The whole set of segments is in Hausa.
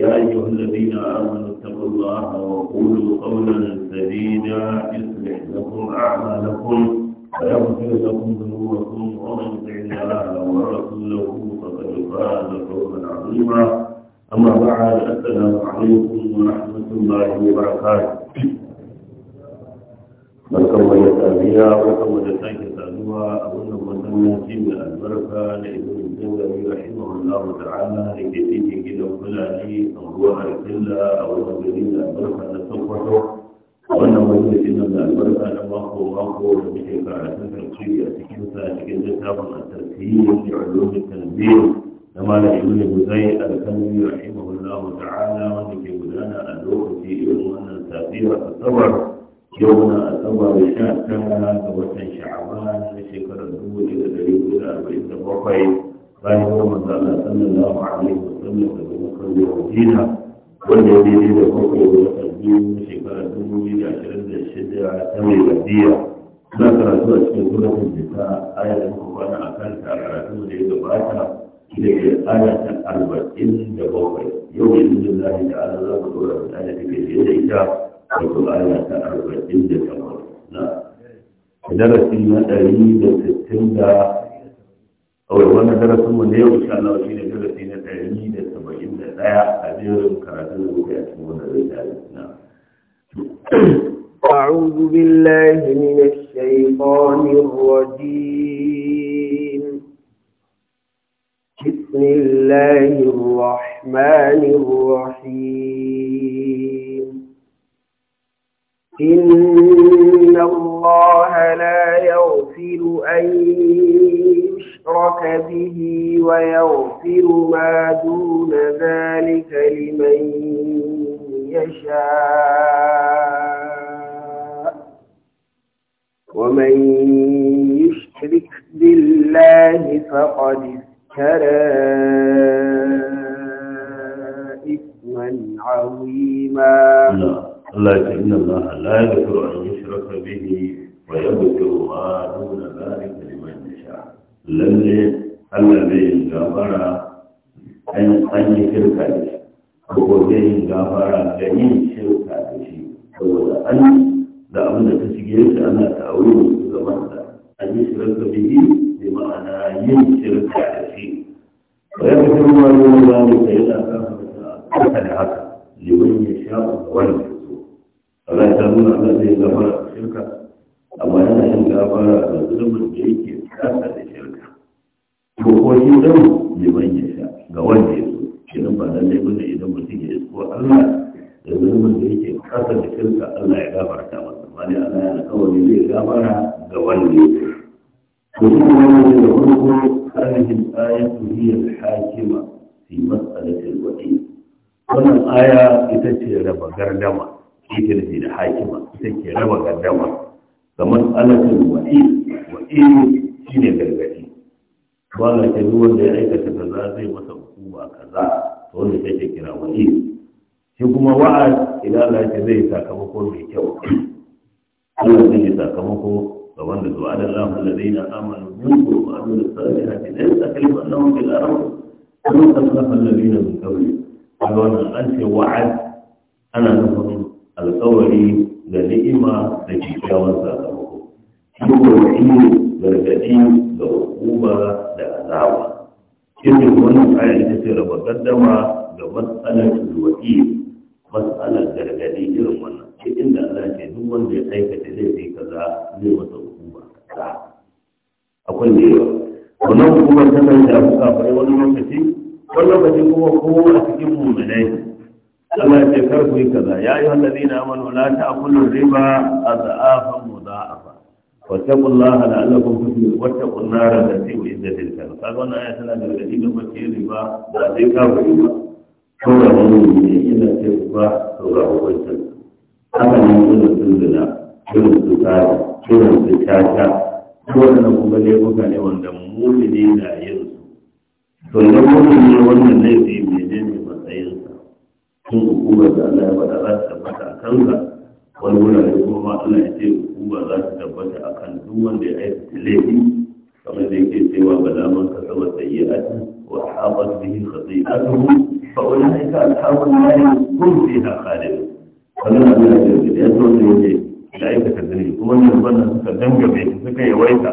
يا أيها الذين آمنوا اتقوا الله وقولوا قولا سديدا يصلح لكم أعمالكم ويغفر لكم ذنوبكم ومن يطع الله ورسوله فقد فاز فوزا عظيما أما بعد السلام عليكم ورحمة الله وبركاته barkan wani sabiya barkan wani sake saduwa a wannan wannan yanki mai albarka da ido الدولي رحمه الله تعالى لجديد كده وكل عليه أو موضوع الكلة أو هو الجديد البركة للصفحة وأنا مجلس إن البركة لما هو ما هو بشيء فعلا تنسية تكنسى تكنسى تابع التسهيل في علوم التنبيه كما لا يقول بزي الكلمي رحمه الله تعالى وأنك بدانا الروح في إلو التأثير الصبر يومنا الأول بشأن كان وتن شعبان شكر الدول إلى دليل إلى أربعين وقعين bayan kuma manzo Allah sallallahu alaihi wasallam da kuma kan Madina wanda ya daidai da bakwai da wata biyu shekara dubu biyu da ashirin da shida ta mai gadiya na karatu a cikin gudanar da ta ayar da muka kwana a kanta a karatu da ya gabata da ke aya ta arba'in da bakwai yau da izinin lahi da ala za ku dora da aya da ke da ita wato aya ta arba'in da takwas na darasi na ɗari da sittin da أول وانا درس من يوم إن شاء الله وشينا درسينا تعليمي ده سبعين لا أدير كراتنا وقعت مونا رجالنا أعوذ بالله من الشيطان الرجيم بسم الله الرحمن الرحيم إن الله لا يغفر أن يشرك يشرك به ويغفر ما دون ذلك لمن يشاء ومن يشرك بالله فقد افترى إثما عظيما الله إن الله لا يغفر أن يشرك به ويغفر ما دون ذلك lalle Allah zai yi gafara an yi shirka da shi ko zai yi gafara da yin shirka da shi saboda an da abin da ta shige shi ana ta'auri da su da an yi shirka da shi bi ma'ana yin shirka da shi ba ya fi kuma yi wani zamu ta yi da kafa da haka liman ya sha wani so Allah ta nuna Allah zai gafara da shirka amma yana yin gafara da zulumin da yake kasa da to ko shi ɗan liman ya sha ga wanda ya so kenan ba lallai bane idan mutum ya isko Allah da zunubin da yake kasa da kanka Allah ya gafarta masa ba ne Allah ya alƙawari zai gafara ga wanda ya so to shi kuma wanda da farko harihin ayatu hiya al-hakima fi mas'alati al-wa'i wannan aya ita ce raba gardama ita ce da hakima ita ce raba gardama kamar mas'alatin wa'i wa'i shine gargadi ba ga ta duk wanda ya aikata kaza zai masa hukuma kaza to wanda take kira wa'id shi kuma wa'ad idan Allah ya ce zai sakamako mai kyau Allah zai yi sakamako ga wanda zuwa da Allah alladheena amanu minkum wa amilus salihati la yastakhifu annahum fil ardh kama takhlafa alladheena min qablihim kaga wannan an ce wa'ad ana nufin alƙawari da ni'ima da kyakkyawan sakamako shi ko wa'id gargadi ga hukuma da azawa inda wannan aya ita ce raba kaddama ga matsalar wa'i matsalar gargadi irin wannan sai inda Allah ce duk wanda ya aikata laifi kaza zai masa hukuma kaza akwai da yawa wannan hukuma tana da abuka bai wani lokaci wani lokaci kuma kowa a cikin mummunai Allah ce kar ku yi kaza ya yi wallazina amanu la ta'kulu riba azafan mudha'afa واتقوا الله لعلكم تفلحون واتقوا النار التي اعدت للكافرين قالوا ان ايه سنه daga cikin mace riba da sai ka wuri ba wani ba haka ne su su da to idan ne wannan laifi menene matsayinsa tun hukumar da Allah ya faɗa za ta tabbata a wani wurare kuma Allah ya ce hukuma za ta tabbata kan duk wanda ya aikata laifi kamar da yake cewa bala man ka sama sayyi'atu wa habat bihi khati'atuhu fa ka ashabun nar kun fiha khalidun kamar da yake da ya zo da yake da aikata zunubi kuma ne bana suka dangame shi suka yawaita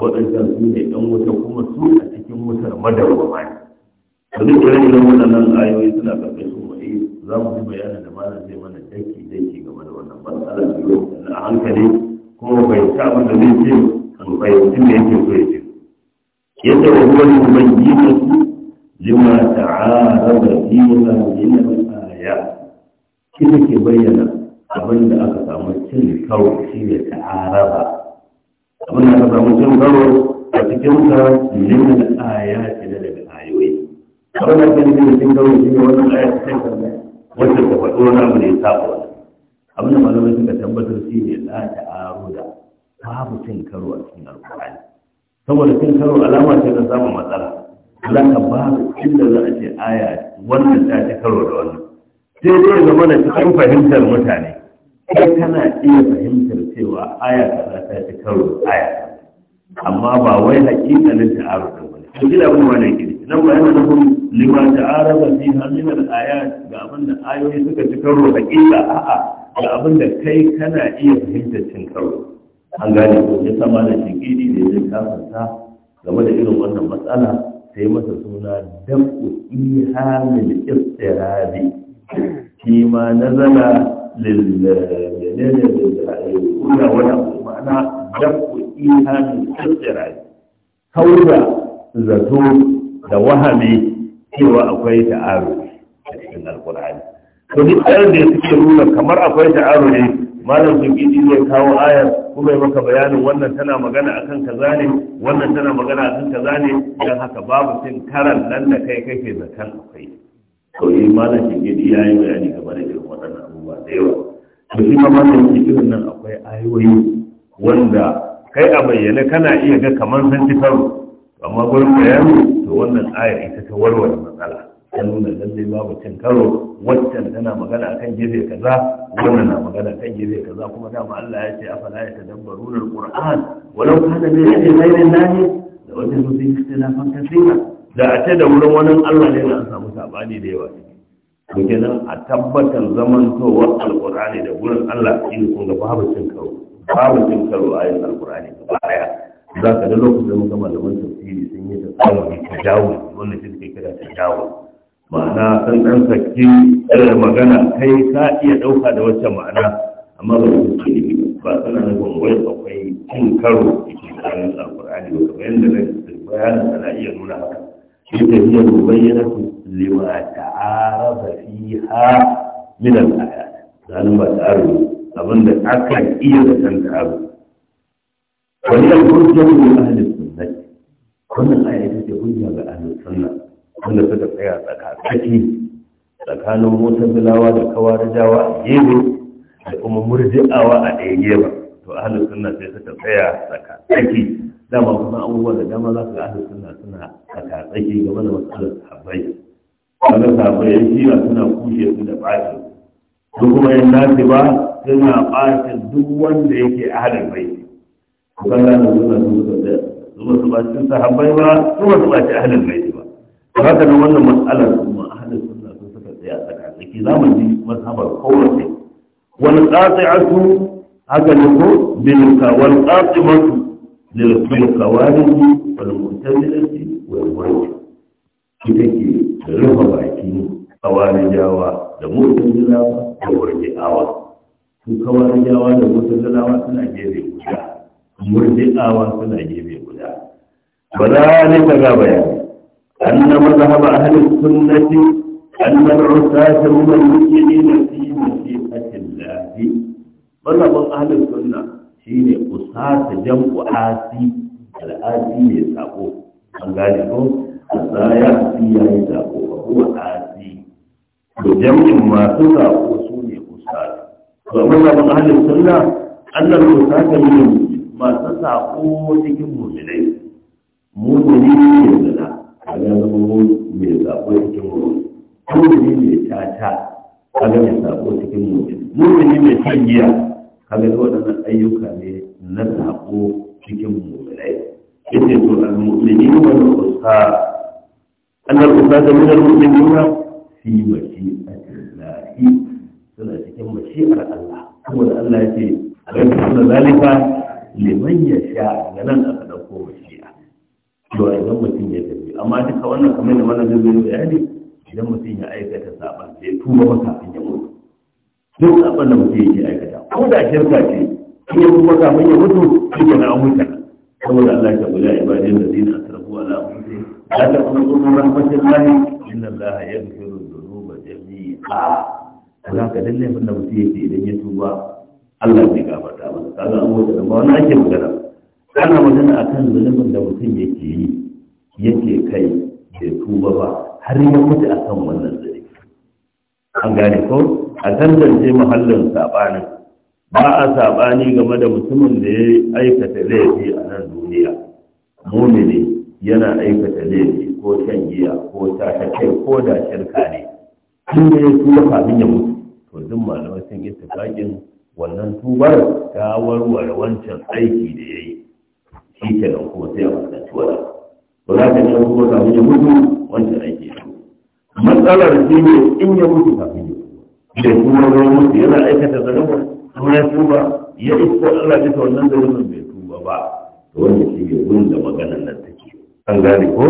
waɗancan su ne ɗan wuta kuma su a cikin wutar madawwama ne. Duk da irin waɗannan ayoyi suna su wa'i za mu yi bayanin da tsarin kilo a hankali kuma bai ta abin da zai ce an fahimci me yake so ya ce yadda wa huwa yubayyinu lima ta'arada fiha min al-ayat kina ke bayyana abin da aka samu cin shi ne shine ta'arada abin da aka samu cin karo a cikin sa min al-ayat da daga ayoyi abin da aka samu cin karo shine wannan ayat ta wacce ta faɗo na abu ne ya saba abinda malamai suka tabbatar shi ne la ta'aru da babu cin karo a cikin alkur'ani saboda cin karo alama ce ta samun matsala za ka babu inda za a ce aya wanda ta ci karo da wannan sai dai zama na cikin fahimtar mutane kai kana iya fahimtar cewa aya za ta ci karo aya amma ba wai hakikalin ta'aru da wani to gida abin wani gidi nan ba yana nufin lima da fi hamil al-ayat ga abin da ayoyi suka ci karo hakika a'a da abin da kai kana iya fahimtar cin karo an gane ko ya sama da shigiri da ya kafanta game da irin wannan matsala sai masa suna dafu ihamil istirabi shi ma nazala lilmenene lilkula wani abu ma'ana dafu ihamil istirabi kauda zato da wahame cewa akwai ta'aru a cikin alkur'ani to duk ayar da suke nuna kamar akwai ta'aru ne malam sufiji zai kawo ayar kuma ya maka bayanin wannan tana magana akan kaza ne wannan tana magana akan kaza ne dan haka babu cin karan nan da kai kake zakan akwai to yi eh, malam sufiji ya yi bayani game da irin waɗannan abubuwa da yawa to shi ma malam sufiji nan akwai ayoyi wanda kai a bayyane kana iya ga kamar sun ci karo amma gurin bayani to wannan ayar ita ta warware matsala ta nuna lallai babu cin karo waccan tana magana kan gefe kaza wannan na magana kan gefe kaza kuma dama Allah ya ce afala ya tadabbaruna alquran walau kana bi yadi ghairin lahi da wajen su yi ikhtilafan da a ce da wurin wani Allah ne na samu sabani da yawa to nan, a tabbatar zamantowar alqurani da wurin Allah shine kun ga babu cin karo babu cin karo ayin alqurani za ka da lokacin da muka malaman tafsiri sun yi tasawuri ta dawo wannan shi suke kira ta ma'ana san ɗan sakki da eh, magana kai ka iya ɗauka da wacce ma'ana amma ba su ce ne ba suna nufin wai akwai cin karo da ke tsarin alkur'ani ba kamar yadda na bayanin ana iya nuna haka shi ta iya bayyana su lima ta'araba fiha min al-ayat sanin ba aro abinda aka iya da san ta'araba wani al-hujjatu li ahli sunnah wannan ayat ce hujja ga ahli sunnah wanda suka tsaya tsakaki tsakanin motar bilawa da jawa a gefe da kuma murji'awa a ɗaya gefe to ahli sunna sai suka tsaya tsakaki dama kuma abubuwa da dama za su ga ahalin sunna suna tsakaki game da matsalar sahabbai kaga sahabbai yan shi'a suna kushe su da ɓacin duk kuma yan nasi ba suna ɓacin duk wanda yake ahalin bai kaga da suna tsaya su ba su ɓacin sahabbai ba su ba su ɓacin ahalin bai haka nan wannan matsalar kuma a halin suna sun suka tsaya a tsaki za mu ji mazhabar kowace a su haka ne ko masu wal wani lil wani mutum wal ake wani. wani ita ke rufe baki kawarijawa da mu'tazilawa da awa. su kawarijawa da mu'tazilawa suna gefe guda murji'awa suna gefe guda ba za ne ta ga bayani أن مذهب أهل السنة أن العساة هم المسلمين في مشيئة الله مذهب أهل السنة شيء عساة جمع عاسي العاسي ne sako an gane ko asa ya fi ya yi sako ba ko asi to jam'in masu sako su ne usat to mazhabin ahlus sunna min masu mu'minai mu'mini ne a ya zama mai zaɓo cikin mu mumini mai tata kaga mai zaɓo cikin mu mumini mai shan giya kaga da waɗannan ayyuka ne na zaɓo cikin muminai yake to al-mu'mini wal usar annal usar da min al-mu'minina fi mashi'atillahi suna cikin mashi a Allah Kuma da Allah yake alaikun zalika liman ya sha ga nan aka ɗauko mashi'a to a idan mutum ya tafi amma duka wannan kamar da mana zai bayani idan mutum ya aikata saban sai tuba ba kafin ya mutu duk saban da mutum yake aikata ko da shirka ce in ya kuma kafin ya mutu shi ke na huta saboda Allah ya bula ibadin da zina tarbuwa na mutu ya ta kuma kuma rahmatullahi inna Allah da dhunuba jami'a kula ka dalle abin da mutum yake idan ya tuba Allah zai gafarta masa kaga an wuce da ba wani ake magana kana magana akan zunubin da mutum yake yi yake kai bai tuba ba har ya mutu a kan wannan zare an gane ko a tantance muhallin saɓanin ba a saɓani game da mutumin da ya aikata laifi a nan duniya mumini yana aikata laifi ko shan giya ko kai ko da shirka ne tun da ya tuba kafin ya mutu to duk malamai sun ittifaƙin wannan tubar ta warware wancan aiki da ya yi shi kenan kuma sai a fuskanci wannan ba za ka ce ko kafin ya mutu wancan aiki matsalar shi ne in ya mutu kafin ya mutu da kuma zai mutu yana aikata zalama kuma ya tuba ya isko Allah ta wannan zalaman bai tuba ba to wannan shi ne wurin da maganar nan take an gane ko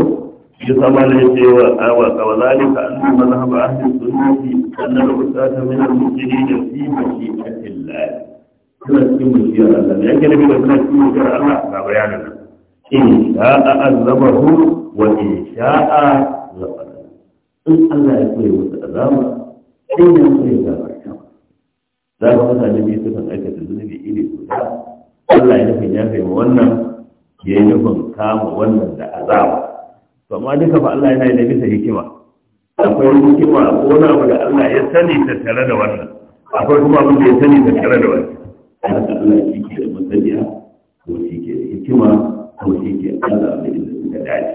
shi sama ne cewa awa kawalani ka an mazhab ahli sunnati annal usata min al-mujtahidin fi mashi'atillah kuma cikin mujiyar Allah ne yake da bi da kuma cikin mujiyar Allah ga bayanan nan in sha'a azabahu wa in sha'a ghafara in Allah ya koya musu azaba in ya koya za ka ne biyu sukan aikata zunubi iri guda Allah ya nufin ya kai wannan ya yi nufin kama wannan da azaba to amma duka fa Allah yana da bisa hikima akwai hikima a kona abu da Allah ya sani ta tare da wannan akwai kuma abin da ya sani ta tare da wannan haka Allah shi ke da masaniya ko shi ke da hikima ko shi ke Allah da inda suka dace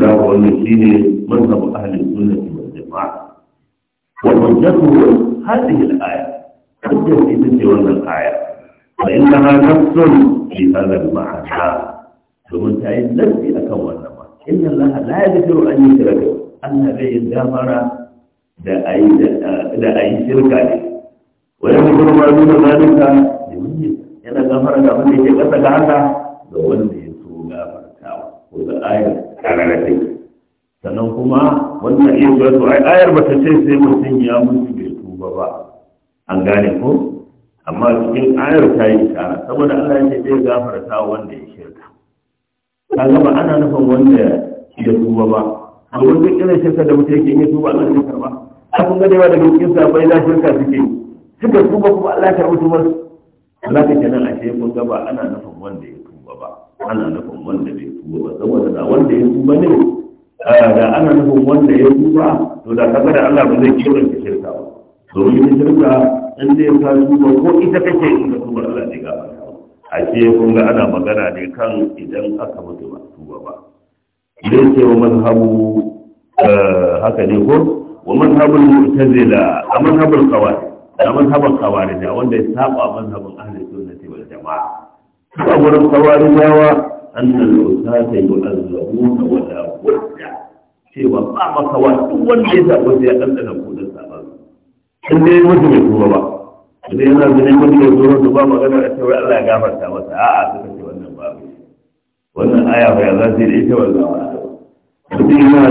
da wannan shine mazhab ahli sunna wal jamaa wa hujjatu hadhihi al-aya hujjar ita ce wannan aya fa innaha nafsun li hadha al-ma'ana domin ta yi lafi akan wannan ma inna Allah la yadhkuru an yushraka Allah bai yi gafara da ayi da ayi shirka ne wa yadhkuru ma nuna zalika liman yana gafara da wanda yake kasa ga haka ga wanda ko da ayar karara take sannan kuma wannan iya gato ai ayar ba ta ce sai mutum ya mutu bai tuba ba an gane ko amma cikin ayar ta yi ta saboda Allah ya ce zai gafarta wanda ya shirka ka gaba ana nufin wanda ya tuba ba a wanda irin shirka da mutum yake yi tuba Allah ya karba a kun ga da daga cikin sabai na shirka suke suka tuba kuma Allah ya karbi tubar Allah ka nan a ce kun gaba ana nufin wanda ya tuba ba ana nufin wanda bai tuba ba saboda da wanda ya tuba ne da ana nufin wanda ya tuba to da kaga da Allah ba zai ki shirka ba domin ki shirka in dai ka tuba ko ita kake in ka tuba Allah ne a ce kun ga ana magana ne kan idan aka mutu ba tuba ba idan ce wa mazhabu eh, haka ne ko wa mazhabul mu'tazila a mazhabul qawarij a mazhabul qawarij wanda ya saba mazhabul ahli a wurin kawari yawa annal usata yu'azzabuna wa la budda cewa ba makawa duk wanda ya sabo sai ya dandana kudin saban in dai mutum ya kuma ba idan yana zane wani mai tuba to ba magana da cewa Allah ya gafarta masa a'a suka ce wannan ba wannan aya ba za su yi da ita wannan ba mutum yana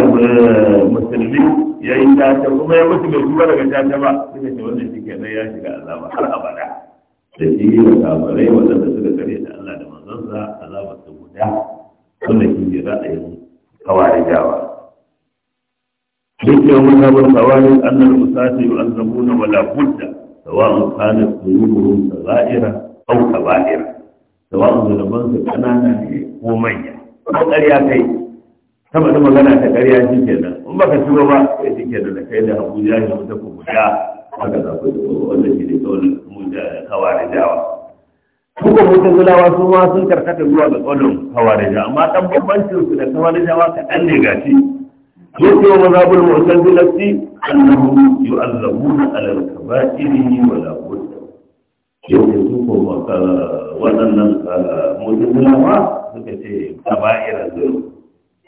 musulmi ya yi tata kuma ya mutu bai kuma daga tata ba suka ce wannan shi kenan ya shiga azaba har abada da shi da kafarai waɗanda suka kare da Allah da manzansa azabar su guda wanda shi ne ra'ayin jawa. duk yau muna bar kawarin annar musati wa annabuna wala budda sawa'un kana suyuruhum za'ira, aw kabaira an zuluman su kanana ne ko manya ko ƙarya kai sama da magana ta ƙarya shi kenan in baka shigo ba sai shi kenan da kai da Abuja ya mutu ku guda haka za ku yi wannan shi ne kawai mun da kawari dawa kuma mutazilawa su ma sun karkata zuwa ga da hawarija amma ɗan bambancin su da hawarijawa kaɗan ne gashi yake wa mazabul mutazilati annahu yu'azzabuna alal kaba'iri wa la budda yake su ko maka waɗannan mutazilawa suka ce kaba'ira zuru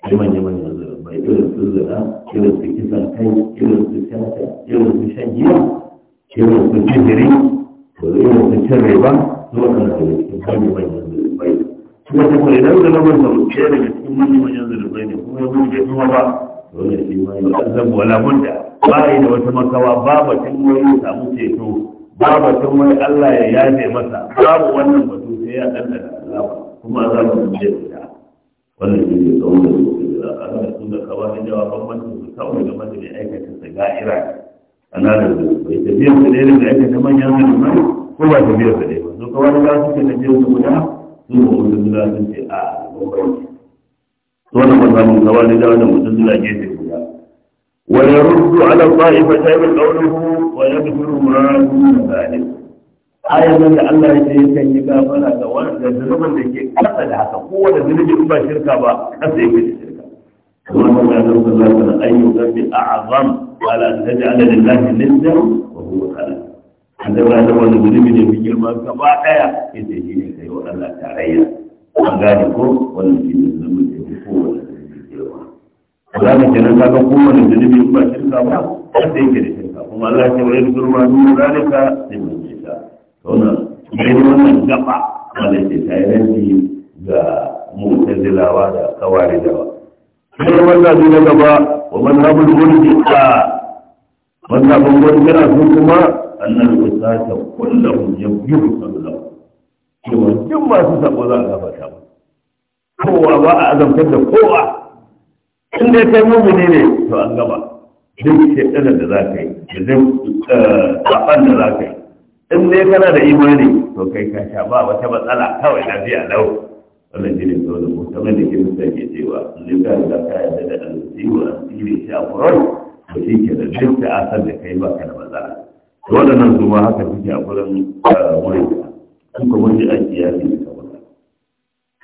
liman yaman yanzu Mai irin su zura irin su kisan kai irin su tata su su su su da ba ba da wata makawa ba batun wani ba Allah ya yafe masa babu wannan batu sai ya ɗanɗana Allah kuma azabin da ya fita wannan shi ne tsawon da da kaga da su da kawai da jawa bambancin da kawai da mace mai aikata ta ga'ira kananan da bai tafiyar su ɗaya da aikata manyan zalimai ko ba tafiyar su ɗaya ba su kawai da suke tafiyar su guda su ba mutum zula sun ce a bambanci su wannan ba samun kawai da jawa da mutum zula gefe guda Wani ويرد على الطائفتين قوله yi ما دون ذلك ayar nan da Allah ya ce yakan yi gafara ga wanda zunubin da ke kasa da haka ko wanda zunubin ba shirka ba kasa ya fi كما قال صلى الله عليه وسلم أي ذنب أعظم قال أن تجعل لله ندا وهو خلق هذا ما هذا wani zunubi mai girma gaba ɗaya ita shi ne kai wa Allah tarayya an gane ko wannan shi ne zunubin da ya fi kowane zunubi girma za mu kenan kaga kowane zunubi ba shirka ba wanda yake da shirka kuma Allah ya ce wa yadda ma shirka ga da sai wannan na gaba wa mazhabul murji'a mazhabul murji'a su kuma annal usata kullahum yabihu sallahu cewa duk masu sako za a gafarta ba. kowa ba a azamtar da kowa in dai kai mumini ne to an gaba duk shekara da za ka yi da duk saban eh, da za ka yi in dai kana da imani to kai ka sha ba wata matsala kawai na lafiya lau wannan shi ne sau da mu kamar da kirista ke cewa lika da ka yarda da alƙiwa asiri shi a kuran to shi ke da duk da asar da kai ba ka da maza. to waɗannan su ma haka suke a kuran uh, wurin ka kuma wani a kiyasi da kamar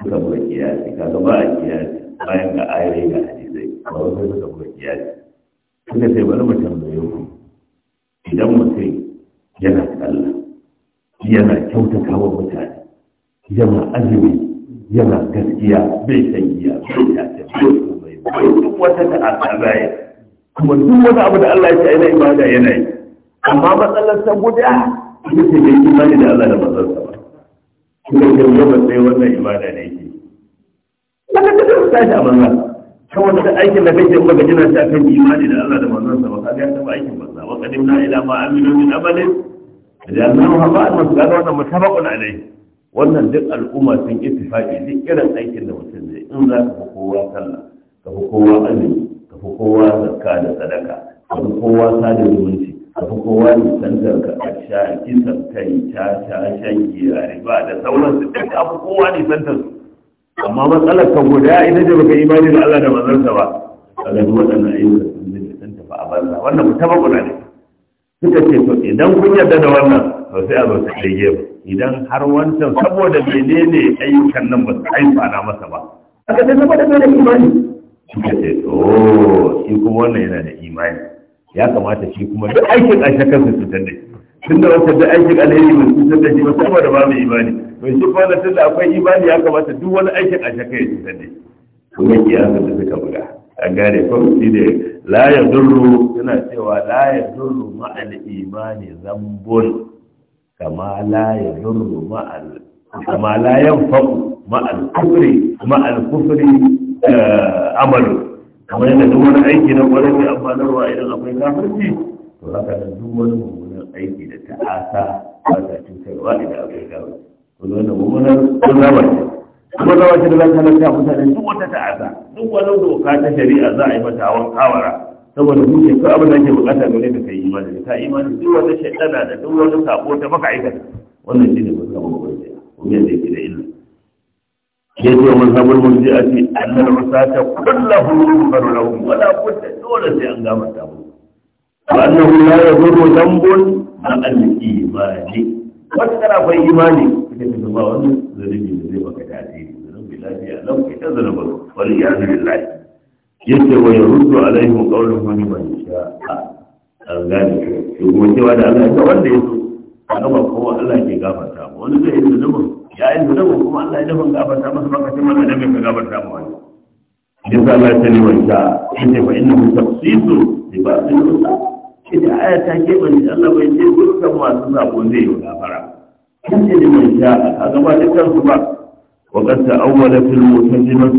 suka buga kiyasi kaga ba a kiyasi bayan ga ayoyi ga hadisai ba wasu suka buga kiyasi suka ce bari mu tambaye ku idan mutum yana kalla, yana kyautata wa mutane yana azumi yana gaskiya bai san giya bai tace bai komai bai duk wata ta'ata baya kuma duk wata abu da Allah ya ce yana ibada yana yi amma matsalar ta guda ita ce bai imani da Allah da manzon sa ba kuma ke gaba sai wannan ibada ne yake haka ta ta shi a Ta wata da aikin da kake maka jina ta kan imani da Allah da manzon sa ba ka ga ta ba aikin manzon wa qadimna ila ma amilu min amalin da Allah ha ba manzon wannan mutabaqun alaihi wannan duk al'umma sun ittifaqi duk irin aikin da mutum zai in za ka fi kowa sallah ka fi kowa azumi ka fi kowa zakka da sadaka ka fi kowa sada zumunci ka fi kowa nisantar ka a sha kisan kai ta sha shan giya riba da sauransu duk ka fi kowa nisantar su amma matsalar ka guda ita ce baka imani da Allah da manzansa ba kaga duk waɗannan ayyuka sun bi sun tafi a banza wannan mutabakuna ne suka ce to idan kun yarda da wannan to sai a zo ta gefe idan har wancan saboda menene ayyukan nan ba su na masa ba aka zama saboda bai da imani suka ce to shi kuma wannan yana da imani ya kamata shi kuma duk aikin a shakar su cutar da shi tun da wata duk aikin alheri ba cutar da shi ba saboda ba mai imani to shi kuma da tun da akwai imani ya kamata duk wani aikin a shakar ya cutar da shi yi kiyasa da suka buga a gane ko shi ne la ya durru yana cewa la ya durru ma'al imani zambon kama la ya zurru ma'al kama la ya faɗu ma'al kufri ma'al kufri eh, amalu kamar yadda duk wani aiki na kwarai mai amfanarwa idan akwai kafirci to haka da duk wani mummunan aiki da ta'asa ba ta cutarwa idan akwai kafirci to wannan mummunan zama ce kuma zama ce da za ta halatta mutane duk wata ta'asa duk wani doka ta shari'a za a yi mata hawan kawara saboda zuciya ko abin da ake bukata gare ka kai imani ka imani duk wata shaitana da duk wani sabo ta maka aikata wannan shi ne musamman wanda kuma yadda yake da illa Ke ce mun sabon mun ji a ce annar rusata kullahu yughfaru lahum wala budda dole sai an gafarta musu wa annahu la yadurru dhanbun ma al-imani wata kana fa imani kake da ba wannan zalimi da zai baka tasiri zalimi lafiya lau kai ta zalimi wal iyadu billahi yace wa yaruddu alaihim qawluhu man yasha al gane shi kuma cewa da Allah ga wanda ya so a gaba kowa Allah ke gafarta ba wani zai yi zunubin ya yi zunubin kuma Allah ya dafa gafarta masa lokacin mana da ka gafarta ma wani in za Allah ta ne wanda yace fa innahu tafsisu bi ba'dil rusul shi da aya ta ke ban Allah bai ce dukkan masu sabo zai yi gafara yace ne mai sha a gaba da kansu ba وقد تأول في المترجمة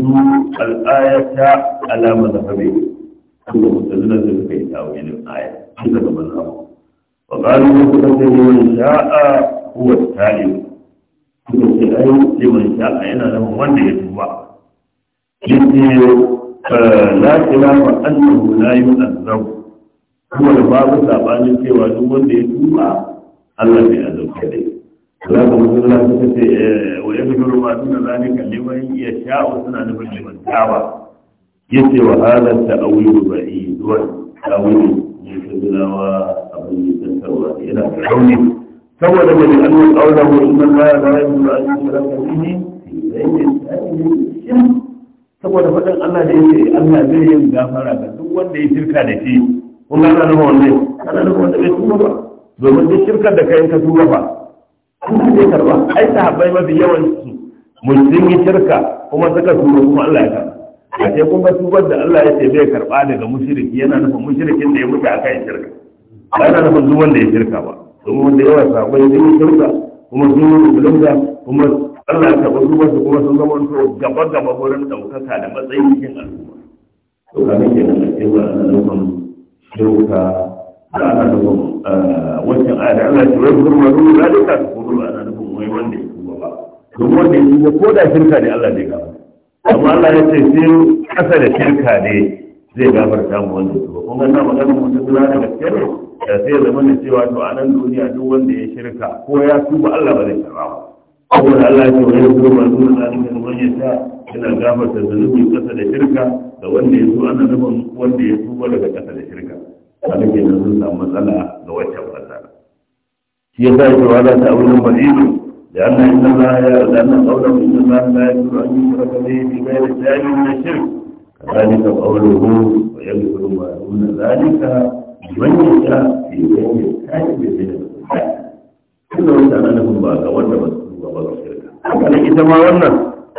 الآية ala mazhabi kuma mutazila sai suka yi tawilin aya An daga mazhabi wa qalu suka ce sha'a huwa talib suka ce ai sha'a yana da wanda ya tuba yace eh, la khilafa annahu la yu'azzabu kuma da babu sabanin cewa duk wanda ya tuba Allah bai azabta da za ka mutu eh, za ka ce wa yanzu fi suna zane kan liman iya sha'o suna nufin liman yace wa halar ta'awilu ba'i zuwa ta'awilu ne ta zinawa abin yi tantarwa yana da rauni saboda mai annu ƙaunar wa inna da la yamna an yushraka bihi saboda faɗin Allah da yace Allah zai yin gafara ga duk wanda ya shirka da shi kun ga ana nufin wanda ana nufin wanda bai tuba ba domin duk shirka da kayan ka tuba ba Allah zai karba ai sahabbai mafi yawan su mun sun shirka kuma suka tuba kuma Allah ya karba a ce kun tubar da Allah ya ce bai karba daga mushriki yana nufin mushrikin da ya mutu akan shirka ba yana nufin duk wanda ya shirka ba domin wanda yawa sabai sun yi shirka kuma sun yi musulunta kuma Allah ya karɓi tubar wasu kuma sun zama to gaba gaba wurin ɗaukaka da matsayin cikin al'umma to ka nake nan a cewa ana nufin shirka da ana nufin eh, wancan aya Allah ya ce wai kuma ruwa zalika kuma ana nufin wai wanda ya tuba ba duk wanda ya tuba ko da shirka ne Allah gaba amma Allah ya ce sai kasa da shirka ne zai gafarta mu wanda su kun ga na magana mun suna da gaske ne da sai zama da cewa to a nan duniya duk wanda ya shirka ko ya tuba Allah ba zai karba ba Allah ya ce wani ba zuwa da zai zuwa ya sha yana gafarta zunubi kasa da shirka da wanda ya zo ana nufin wanda ya tuba daga kasa da shirka a nake nan sun samu matsala ga waccan matsala shi yasa sa ya ce wa ta abu nan ba لأن إنما الله لأن قوله إنما لا يغفر أن يشرك به في غير الله من الشرك كذلك قوله ويغفر ما دون ذلك من يشاء في غير كاتب من كل من كان لهم ما تولى مسلوب ولا شركا هكذا إذا ما ولى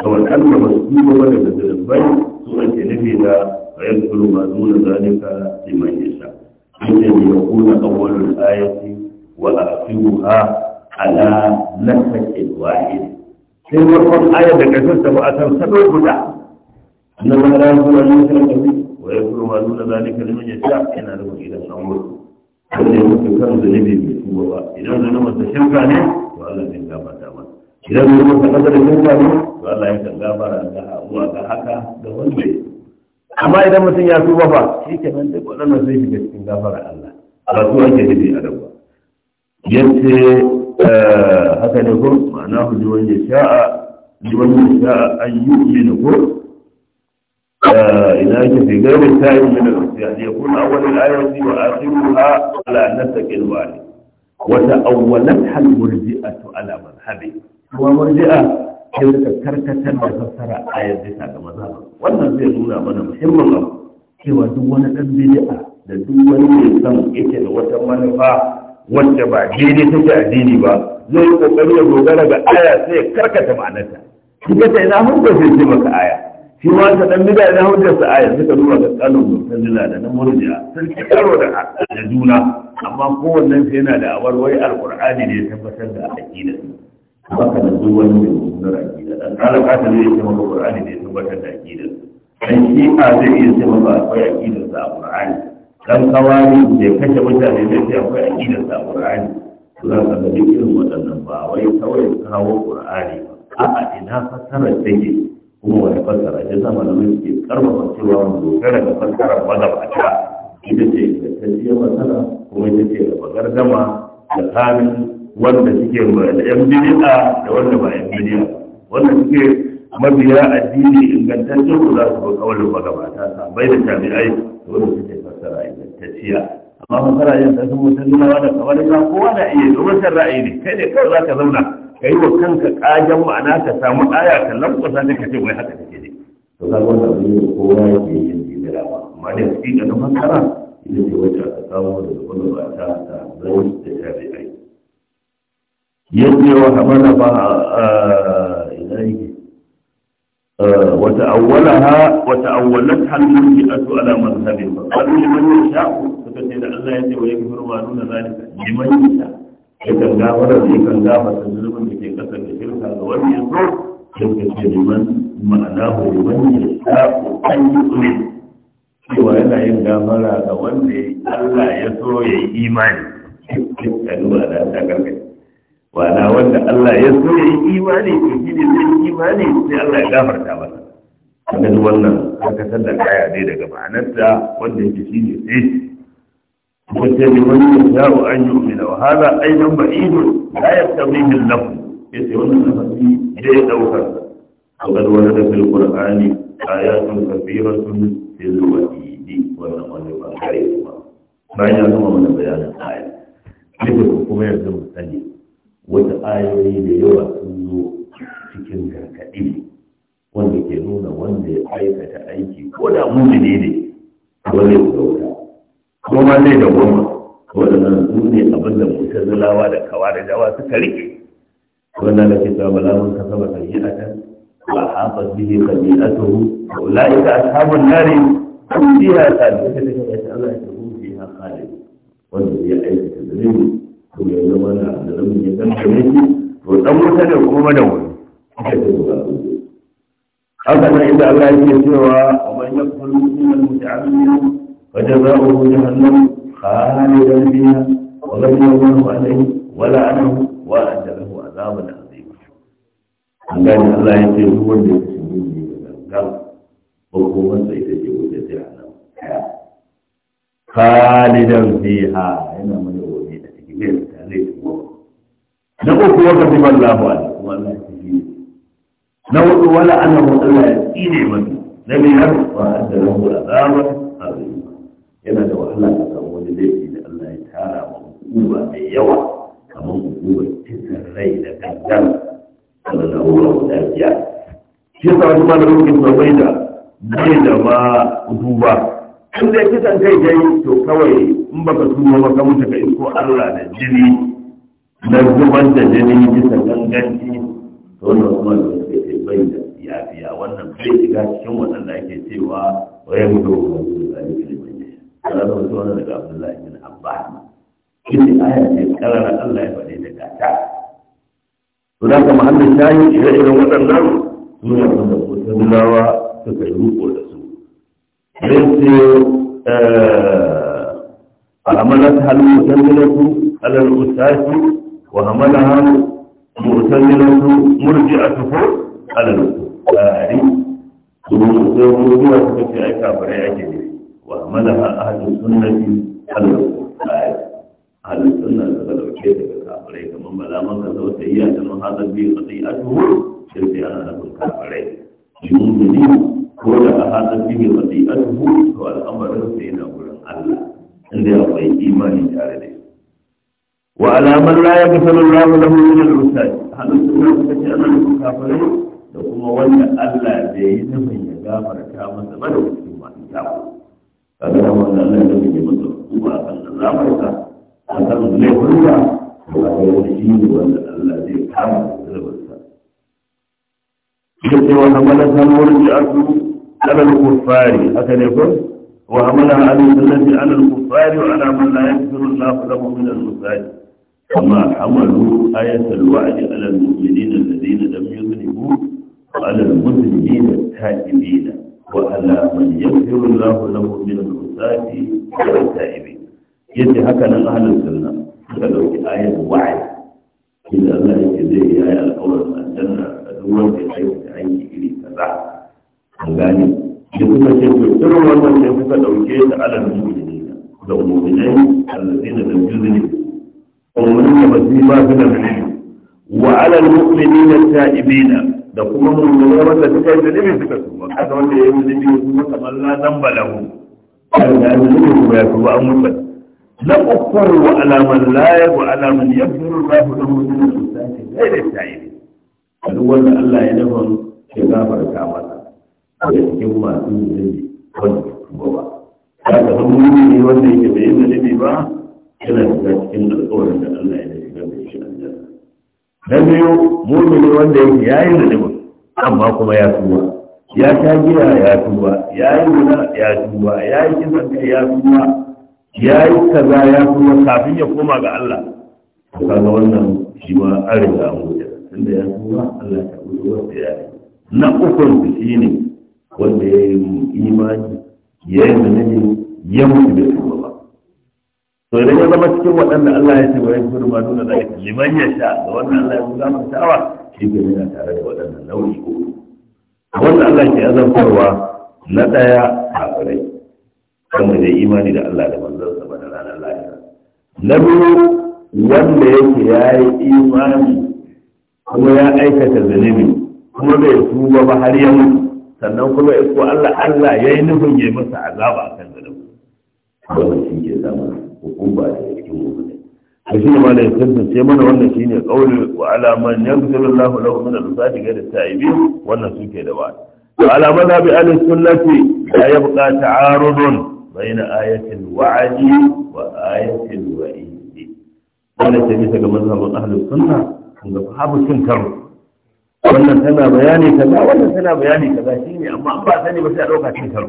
فمن كان مسلوب ولا شرك البيت سورة نبينا ويغفر ما دون ذلك لمن يشاء أن يكون أول الآية وآخرها ala nafsin wahid sai farkon aya da kasar ta ba a san sabo guda annan da rasu da nan sai ka bi wa ya furu ma duna neman ya yasha yana da wani idan an mutu wanda ya mutu kan zunubi bai tuba ba idan zunubin masa shirka ne to Allah zai gafarta ba idan zunubin masa kadar shirka ne to Allah ya kan gafara ga zuwa ga haka da wanda amma idan mutum ya tuba ba shi nan duk waɗannan zai shiga cikin gafara Allah ba su ake nufi a dabba yadda Eh, haka ne ko ma'ana ku ji wanda sha'a ji wanda sha'a an yi uyi da ko eh, idan ake fi gaibe ta yi min al-wasiya ne kun awwalul ayati wa akhiruha ala an nastaqil wali wa ta'awwalat hal murji'atu ala madhhabi kuma murji'a sai suka karkatar da fassara ayar bisa ga mazhab wannan zai nuna mana muhimmin abu cewa duk wani dan bid'a da duk wani mai san yake da wata manufa wacce ba daidai take addini ba zai yi kokari ya dogara ga aya sai ya karkata ma'anarta kika ta ina hujja sai ce maka aya shi ma ta dan bida ina hujja sa aya suka duba ga kalon mutazila da na murja, sun ci karo da da juna amma kowannen sai yana da awar wai alqur'ani ne ya tabbatar da aqida haka da duk wani mai mutazila aqida dan alaka ta ne ya ce maka qur'ani ne ya tabbatar da aqida dan shi a zai iya ce maka akwai aqida sa qur'ani dan kawari da kashe mutane da ke akwai aqidar sa qur'ani to za ka ga irin waɗannan ba wai kawai kawo qur'ani ba a'a ina fassara ta take kuma wani fasara ya zama da mun ke karfafa cewa mu dogara ga fasara magabata ita ce da tafiyar fasara kuma ita ce da bagardama da kamin wanda suke da yan bid'a da wanda ba yan bid'a wanda suke mabiya addini ingantaccen ku za su ga kawalin magabata sabai da jami'ai da wanda suke wata ra'ayi amma masu ra'ayin da sun mutum nuna da kamar ina kowa na iya yi domin san ra'ayi ne kai ne kawai za zauna ka yi wa kanka ƙagen ma'ana ka samu aya ka lankwasa da ka ce wai haka take ne to ka gwada abin yi kowa ya ke yin jimira ba amma ne su ga na masara ita ce wacce ta samu da wani ba ta ta zai da shafi ai yadda yawa hamana ba a ina yake وتأولها وتأولتها المرجئة على مذهبهم قالوا لمن يشاء فكتب الله يتي ويغفر ما دون ذلك لمن يشاء yakan gafara da yakan gafara zunubin da ke kasar da shirka ga wani ya zo da ke liman ma'ana ko liman ya sha ko an yi tsune cewa yana yin gafara ga wanda Allah ya so ya yi imani. Kalu ba da ta gargaɗi. wana wanda Allah ya so ya yi imani to shi ne zai imani sai Allah ya gafarta masa kan wannan karkatar da kaya ne daga ma'anarta wanda yake shi ne sai wata ne wani ya sha'u an yi umina wa hada aidan ba'idu la yastabihi lahu yace wannan nafasi da ya dauka a wani wani da fil qur'ani ayatun kabiratun fil wa'idi wannan wani ba bangare kuma bayan ya gama wannan bayanin aya ne kuma ya mu sani wata ayoyi da yawa sun zo cikin gargaɗi wanda ke nuna wanda ya aikata aiki ko da mumini ne wanda ya wuta ko ma zai da goma waɗannan su ne abin da mutazulawa da kawa da dawa suka rike wannan da ke cewa balamun kasa ba yi sayyi'atan wa hafaz bihi qadi'atuhu ulaika ashabun nar hum fiha shi, Allah ya hum fiha khalidun wanda zai aikata zalimi uku ya zama na da rabin ya dan kare shi to dan wuta da kuma da wani haka nan inda Allah yake cewa man yakfuru min al-muta'ammimin fa jazaohu jahannam khalidan fiha wa ghadiya Allahu alayhi wa la'anahu wa adda lahu azaban azima an gani Allah yake duk wanda ya kashe mun ne da gangan ko kuma sai ta ce wuta jahannam khalidan fiha yana mana wani a cikin zai shigo na uku wa ka zima Allah ba ne kuma Allah ya fi na hudu wala ana mu Allah ya tsine masa na biyar wa adda lahu azaba azima yana da wahala a samu wani laifi da Allah ya tara wa hukuma mai yawa kamar hukumar cikin rai da gangan sallallahu na wa sallam shi yasa wani malamin ke so bai da bai da ma duba in zai kisan kai ya yi to kawai in ba ka tuno ka mutu ka isko Allah da jini na zubar da jini bisa ganganci to wannan kuma da ke ce bai da yafiya wannan bai shiga cikin waɗanda ake cewa waye mutu ko ba su da zalimi ne kana da wasu wannan daga Abdullahi bin Abbas kiti aya ce karara Allah ya faɗi da gata to da ka Allah shayi ire-iren waɗannan su ne wanda da suka yi rubo da yadda eh, a hamalar halittar tattalinsu halar ustashi wa hamalar halittar tattalinsu murji a tufo halar tsari domin sai murjiya su kafin aika fara yake ne wa hamalar halittar sunnafi halar tsari halin sunan da kada ke da kafirai kamar ba zaman ka zau iya ta mahazar biyu a tsaye a tuhu shirya ana da kafirai shi ko da a hannun bihi wasi'atuhu to al'amarin sai yana wurin Allah inda akwai imani tare da shi wa alamar la ya fitar Allah lahu min al-rusal hannun suna suka ce ana nufin kafirai da kuma wanda Allah bai yi nufin ya gafarta masa ba da wasu masu tabu kaga da wanda Allah ya nufin ya masa hukuma a kan azamarsa a kan laifinsa to a kai wani shi ne wanda Allah zai kama da zalbarsa. Ita ce wa hamalar samuwar da aka على الكفار هكذا وعملها على الذي على الكفار وعلى من لا يكفر الله له من المساجد كما حملوا آية الوعد على المؤمنين الذين لم يذنبوا وعلى المذنبين التائبين وعلى من يغفر الله له من المساجد والتائبين يجي هكذا أهل السنة فلو آية وعد إذا الله يجزيه آية الأول الجنة فهو في حيث آية عيني إلي فبعد an gane da kuka ce ku irin wannan ne kuka dauke da alal mu'minin da mu'minai allazina lam yuzlimu umman da basu ba su da mu'minin wa alal mu'minina ta'ibina da kuma mu'minai wanda suka yi zalimi suka tuba kaga wanda ya yi zalimi ya tuba kamar la zamba lahu kaga ya yi zalimi kuma ya tuba an mutu na ukkar wa alaman laye wa alaman yabdiru za ku zama mutum da sosai ne da ta'ibina duk wanda Allah ya dafa ya gafarta masa a cikin masu zunubi wanda kuma ba ya ga hannun ne wanda yake bai yi zunubi ba yana shiga cikin alƙawarin da Allah ya shiga mai shi a aljanna na biyu mumini wanda yake ya yi zunubin amma kuma ya tuba ya sha giya ya tuba ya yi wuna ya tuba ya yi kisan kai ya tuba ya yi kaza ya tuba kafin ya koma ga Allah kaga wannan shi ma an riga mu da tunda ya tuba Allah ya tuba da ya na ukun shi ne wanda ya yi imani ya yi zunubi ya mutu bai kuma ba to idan ya zama cikin waɗanda Allah ya ce wa yanzu da maduna da ya liman ya sha da wannan Allah ya zama mu sha'awa shi ke nuna tare da waɗanda nau'i ko wanda Allah ke azantarwa na ɗaya kafirai wanda da imani da Allah da manzansa ba da ranar lahira na biyu wanda yake ya yi imani kuma ya aikata zunubi kuma bai tuba ba har ya mutu sannan kuma iko Allah Allah yi nufin yi masa azaba kan zalunci wannan shi ke zama hukuma da cikin mu'mini to shi ma da tantance mana wannan ne qauli wa alaman man yaghfiru Allahu lahu min al-zati ghayr at-ta'ibin wannan ke da wa وعلى مذهب أهل السنة لا يبقى تعارض بين آية الوعد وآية الوعيد. أنا سميتك مذهب أهل السنة عند cin السنة wannan tana bayani kaza wannan tana bayani kaza shine amma an ba sani ba sai a dauka cin karo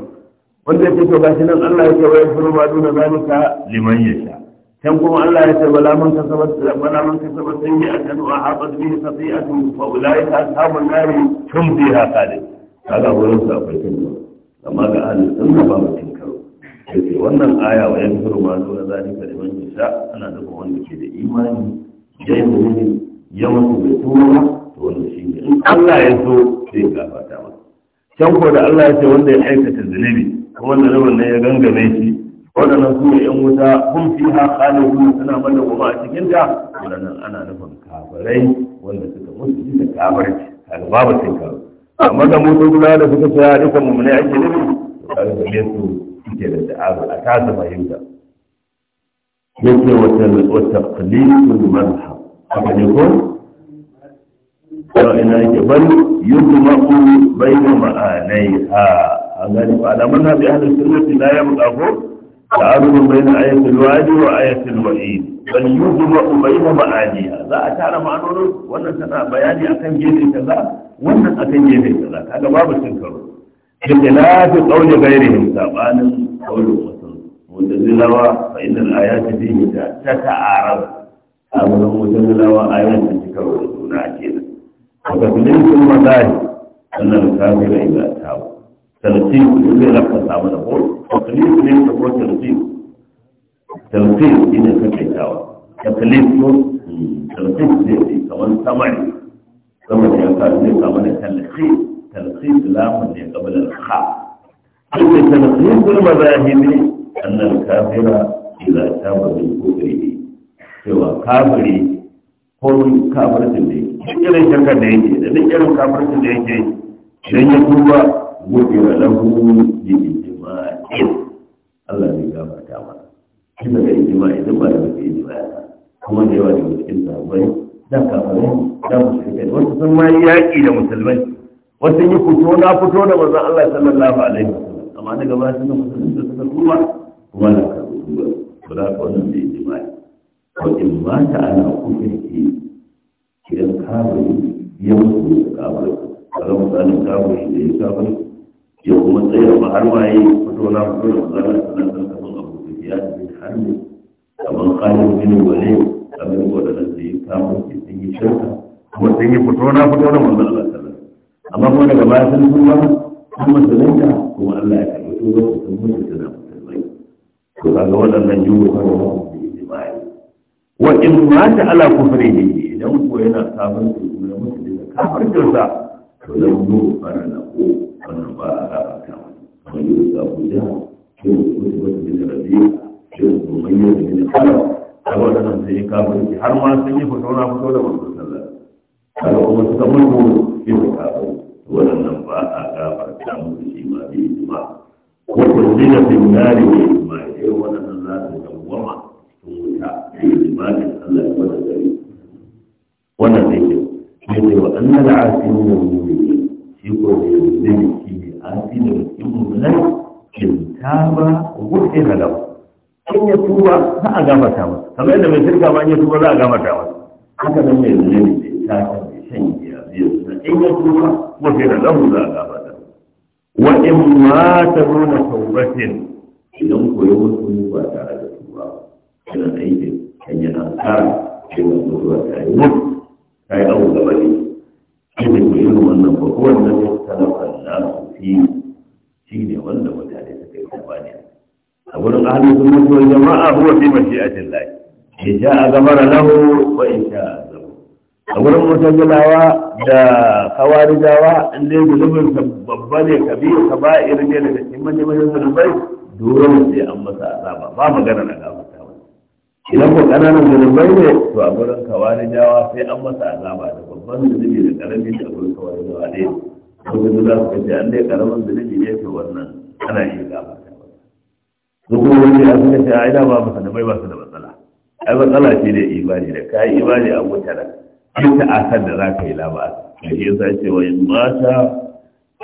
wanda yake to gashi nan Allah yake wa yafiru ma duna zalika liman yasha can kuma Allah ya ce wala man kasabat wala man kasabat sayyi'atan wa hatat bihi khati'atu fa ulaika ashabun nar hum fiha khalid kaga wurin sa akwai cin karo amma ga ahli sunna ba mu cikin karo yake wannan aya wa yafiru ma duna zalika liman yasha ana nufin wanda ke da imani yayin da yawan da tuwa to shi ne in Allah ya so zai gafarta masa can ko da Allah ya ce wanda ya aikata zunubi wanda zaman ne ya gangame shi waɗannan su ne yan wuta kun fi ha kuma suna mana goma a cikin ta waɗannan ana nufin kafarai wanda suka musu shi da ci kaga babu sai kafirai amma da mutu kula da suka tsaya duka mummune ake nufi to kaga game su suke da da'aru a tasa fahimta yake wata taqlidul mazhab haka ne ko yau ina yake bal yujma'u ma'anai ha. an gani ba da manhaji ahlus sunnati na yabqa تعارض wa آية الوعد وآية yuzu بل bai بين معانيها za a tara ma'anonin wannan tana bayani akan gefe kaza wannan akan gefe kaza kaga babu cin karo bilafi qawli ghairihim sabanin qawlin wasu mutazilawa fa innal ayati fihi tata'arad amma mutazilawa ayatu karo da suna kenan فكلين ثم ذلك أن الكافر إذا تاب تلقيق يقول لك تسامى نقول تقليد ليه تقول تلقيق تلقيق إذا كنت تاوى تقليد تلقيق ليه كمان سمعي سمع يا كافر كمان تلقيق تلقيق لام من قبل الخاء تلقيق المذاهب أن الكافر إذا تاب من كفره سوى كافري هو كافر اللي duk irin shirkar da yake da duk irin kafircin da yake idan ya tuba gobe wa lahu bi ijma'in Allah ne zai gafarta ma shi daga ijma'i duk ba da muke ijma'i kuma da yawa daga cikin sahabbai da kafirai da musulmai wasu sun ma yaƙi da musulmai wasu yi fito na fito da manzon Allah sallallahu alaihi wasallam amma daga baya sun musulmai da suka tuba kuma da kafirai ba za ka wannan da ijma'i ko in ma ta ana kufirki idan kafiri ya mutu da kafiri kaga misalin kafiri da ya kafiri ya kuma tsaya ba har ma yi fito na fito da misalin sanar da kafin abu da ya ce har ne kamar kalin gini wale kamar waɗanda da ya kafiri sun yi shirka kuma sun yi fito na fito da manzan Allah sallallahu amma kuma daga baya sun kuma sun musulunta kuma Allah ya karɓi tuba sun mutu suna musulmai to kaga waɗannan yiwu kan wani wa in mata ala kufrihi idan kuwa yana sabon su na mutu da kafar jirsa to zai zo fara na ko wannan ba a rafata kamar yau za ku ja ke wasu wasu bin rabi ke wasu manyan da kala a wadannan sai ya kafar ki har ma sun yi fito na fito da wasu sallar kuma suka da kafar Wannan ba a gafarta musu shi ma bi ijma wata zina bin nari ne ijma irin za su wuta da ijma wannan zai ce sai ce wa annal asimi da mu'mini shi ko da zai shi ne asimi da cikin ba in taba na halau in ya tuba za a ta masa kamar yadda mai shirka ma in ya tuba za a ta masa haka nan mai zunubi ta ta mai shan giya biyu na in ya tuba wuce halau za a gafarta wa in ma ta nuna taubatin idan koyo mutu ba tare da tuba idan aikin kan yana tsara cewa mutuwa ta yi mutu ka yi abu gaba ne shi ne ku irin wannan ba kowanne ne talafan nasu fi shi ne wanda mutane suka yi kubani a wurin ahalin sunnati wal jama'a huwa fi mashi'atin lahi sha sha'a gamara lahu wa in sha a zabu a wurin mutajilawa da kawarijawa in dai zulubin babba ne ka ka ba irin ne daga cikin manyan bai? zulubai dole sai an masa azaba ba magana na gaba idan ko kananan zunubai ne to a gurin kawarin jawa sai an masa azaba da babban zunubi da karami da gurin kawarin jawa ne ko da za su kace an dai karamin zunubi ne to wannan ana yi gaba ko kuma wani ya suka ce ai da ba masa da bai ba su da matsala ai matsala shi ne imani da kai imani a wuta da ai ta asar da za ka yi labar a shi yasa ce wa in mata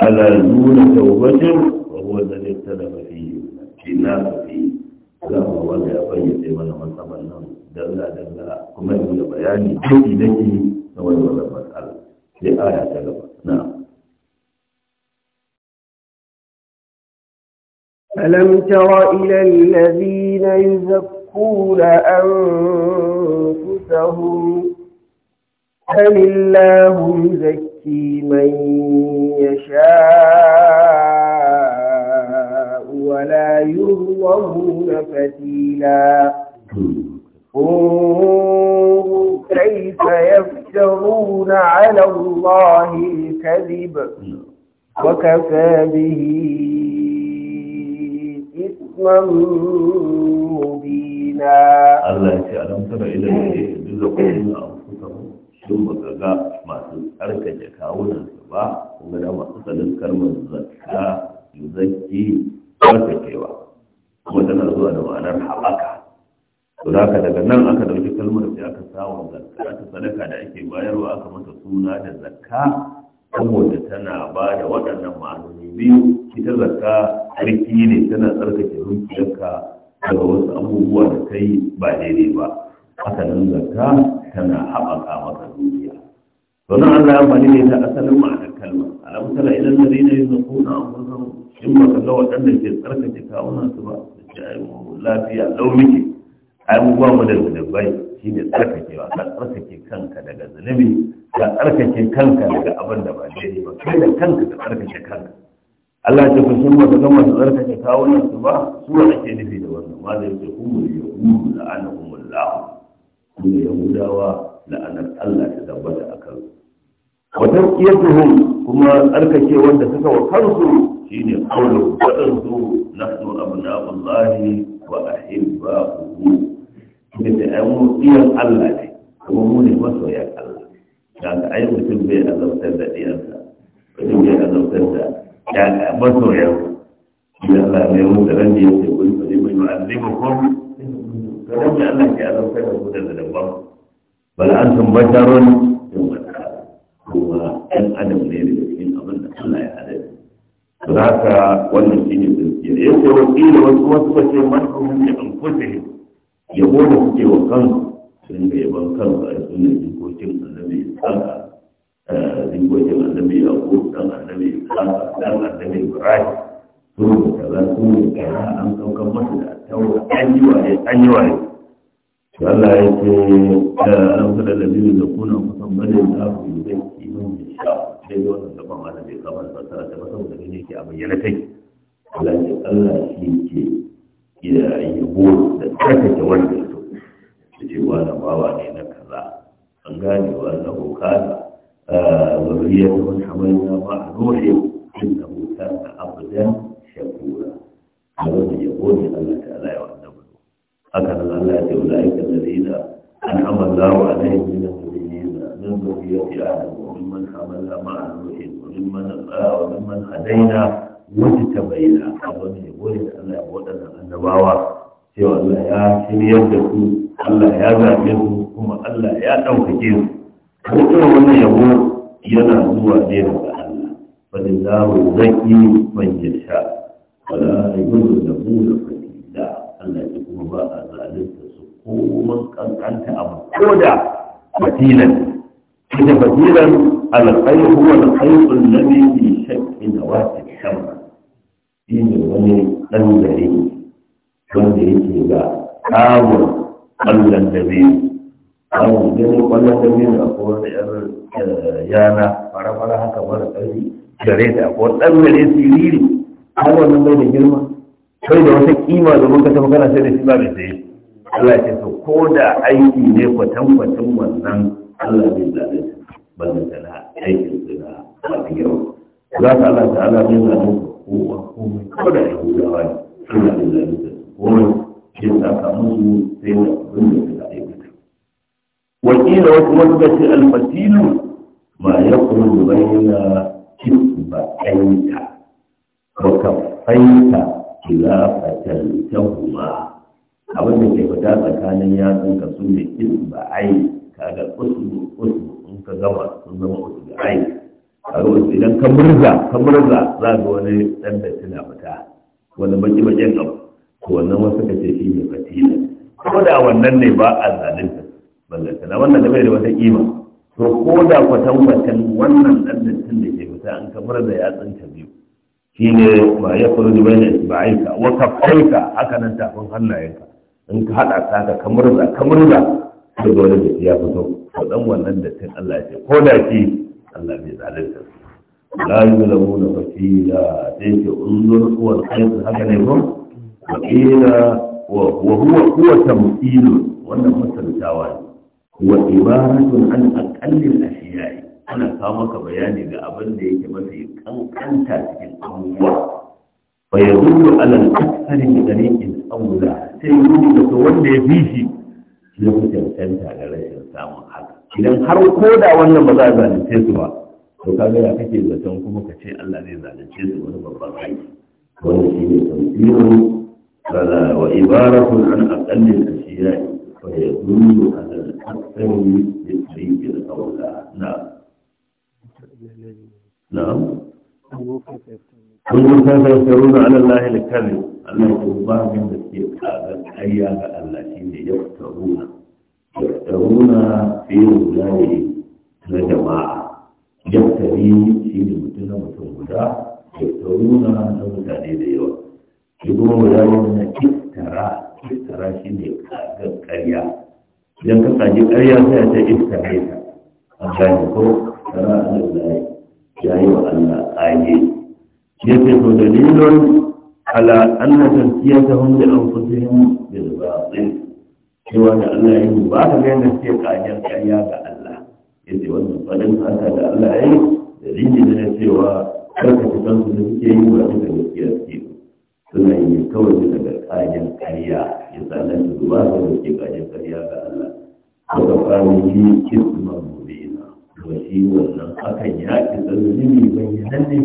ala nuna tawbatin wa huwa zalika da mafi inna fi za mu wanda ya fayyace mana masaman nan dalla dalla kuma yi da bayani dai yi na wani wannan matsala sai aya ta gaba na ألم تر إلى الذين يزكون أنفسهم بل الله يزكي من يشاء ولا يرضون فتيلا كيف يفترون على الله الكذب وكفى به إثما مبينا الله يتي ألم إلى الذين يقولون أنفسهم ثم كذا ما تركت كاونا سبا وما تسلم كرم الزكاة يزكي farfakewa kuma tana zuwa da ma'anar haɓaka to haka daga nan aka ɗauki kalmar da aka samu zakka ta sadaka da ake bayarwa aka mata suna da zakka saboda tana ba da waɗannan ma'anoni biyu ita zakka tsarki ne tana tsarkake dukiyarka daga wasu abubuwa da kai ba daidai ba haka nan zakka tana haɓaka maka dukiya to nan Allah ya amfani da ita asalin ma'ana alam tara idan da rina yi zaku na amurkan in ba ka ga waɗanda ke tsarkake kawunan su ba da ce ai mu lafiya lau muke ai mu ba mu da zunubai shi ne tsarkakewa ka tsarkake kanka daga zunubi ka tsarkake kanka daga abin da ba daidai ba kai da kanka ka tsarkake kanka Allah ya tafi sun masu gama su tsarkake kawunan su ba su wa ake nufi da wannan ma da yake kuma ya kuma ana kuma la'ana kuma yahudawa la'anar Allah ta tabbata a kansu wa tazkiyatuhum kuma tsarkake wanda suka wa kansu shine qawlu wadansu nahnu abna'ullahi wa ahibba'uhu inda ai mu iyan Allah ne kuma mu ne masoyan Allah Da kaga ai mutum bai azabtar da diyansa mutum bai azabtar da ya masoyan shi Allah ne mu da ran da yake kun sai mai da mu'azzibukum kada Allah ke azabtar da ku da dabba bal antum basharun kuma ɗan adam ne da cikin abin da Allah ya adadi za ka wannan shi ne zirgin ya ce wa ƙila wasu wasu ba ce masu da an kusa ya da suke wa kansu sun ga yaban kansu a sunan jikokin annabi isaka eh, jikokin annabi ya ko ɗan annabi isaka ɗan annabi ibrahim su da kaza su da kaza an saukan masu da taura an yi waye an yi waye Allah ya ce an fada da biyu da kuna kusan bane da ku zai ki mun da sha sai da wannan gaban Allah bai kamar fasara da masa da ne ke a bayyana kai Allah ya ke ya yabo da tsakake wanda ya so da ce wannan bawa ne na kaza wani ba ah, a a yabo Allah haka nan Allah ya ce wa la'ika ladina an amalla wa alaihim min al-mu'minin min dhurriyyati adam wa mimman amalla a nuhin wa mimman qala wa mimman hadaina wata tabaina abu ne wurin Allah ya wadannan annabawa cewa Allah ya shiryar da su Allah ya zaɓe su kuma Allah ya ɗaukake su ko irin wannan yabo yana zuwa ne daga Allah fa lillahi zaki man yasha wala da nafsan Allah ya kuma ba a zalunta su koman kankanta abu ko da fatilan ita fatilan alƙai huwa alƙai tsullami bi shakki da wata shamma shi ne wani ɗan gari wanda yake ga kamun ƙwallon da zai kamun ganin ƙwallon da zai na kowa da eh, yana fara-fara haka mara ƙarfi gare da akwai ɗan gare siriri har wannan bai da girma kai da wata kima domin ka tafi kana sai da shi ba mai saye Allah ya ce ko da aiki ne kwatankwacin wannan Allah bai zaɓe su ballan da na aikin su na masu girma za ka Allah ta'ala bai zaɓe su kowa komai ko da yahudawa ne Allah bai zaɓe su komai shi ya saka musu sai da abin da suka aikata wakila wasu wasu ga ce alfasilu ma ya kuma bayyana kisba ayyuka wa kafaita khilafatan tahuma abin da ke fita tsakanin yatsun ka sun da ba ai kaga usbu usbu in ka gama sun zama usbu ai kaga wasu idan ka murza ka murza za ga wani dan da tana fita wani baki bakin abu Ko wannan wasu ka ce shi ne fatila ko da wannan ne ba a zalunta ballantana wannan da bai da wata kima to ko da kwatan wannan dan da ke fita an kamar da yatsun ta biyu ne ma ya kuru da bayan ka. wa kafaika haka nan tafin hannayenka in ka haɗa ta ka kamurza kamurza da dole da ya fito to dan wannan da tin Allah ya ce ko da shi Allah bai zalunta la yuzlamuna fakila sai ce unzur huwa al-khayr haka ne ko fakila wa huwa huwa tamthil wannan mutuntawa ne wa ibaratun an aqallil ashiya'i ana kawo maka bayani ga abin da yake masa mafi kankanta cikin abubuwa fa ya zuru alal aksari da tariqin awla sai yi da wanda ya fi shi ya fi cancanta da rashin samun haka idan har ko da wannan ba za a zalunce su ba to kaga ya kake zaton kuma ka ce Allah zai zalunce su wani babban aiki wanda shi ne tafsirin kala wa ibaratun an aqallil ashiya'i fa ya zuru alal aksari da tariqin awla na. na'am kun yi kan sauƙaru na alallahi da kare allah ba min da ke ƙagar ƙarya ga allah shi ne ya fitaruna ya fitaruna fiye da ne na jama'a ya fitari shi ne mutum na mutum guda ya fitaruna na da yawa shi kuma guda ne na shi ne ƙarya idan ka ƙarya ta iftare ta gane ko fara Allah ya yi wa Allah ƙage ya ce to dalilun ala anna tasiyatahum bi anfusihim bil batil cewa da Allah ya yi ba ka ga yadda suke ga Allah ya ce wannan faɗin haka da Allah ya yi dalilin da cewa karka ci kansu da suke yi ba duka gaskiya suke suna yi kawai daga ga karya ya sa Allah ya ba da suke ƙagen ga Allah. Haka fara yi kisman gobe. to shi wannan hakan ya ci zalimi bayyanan ne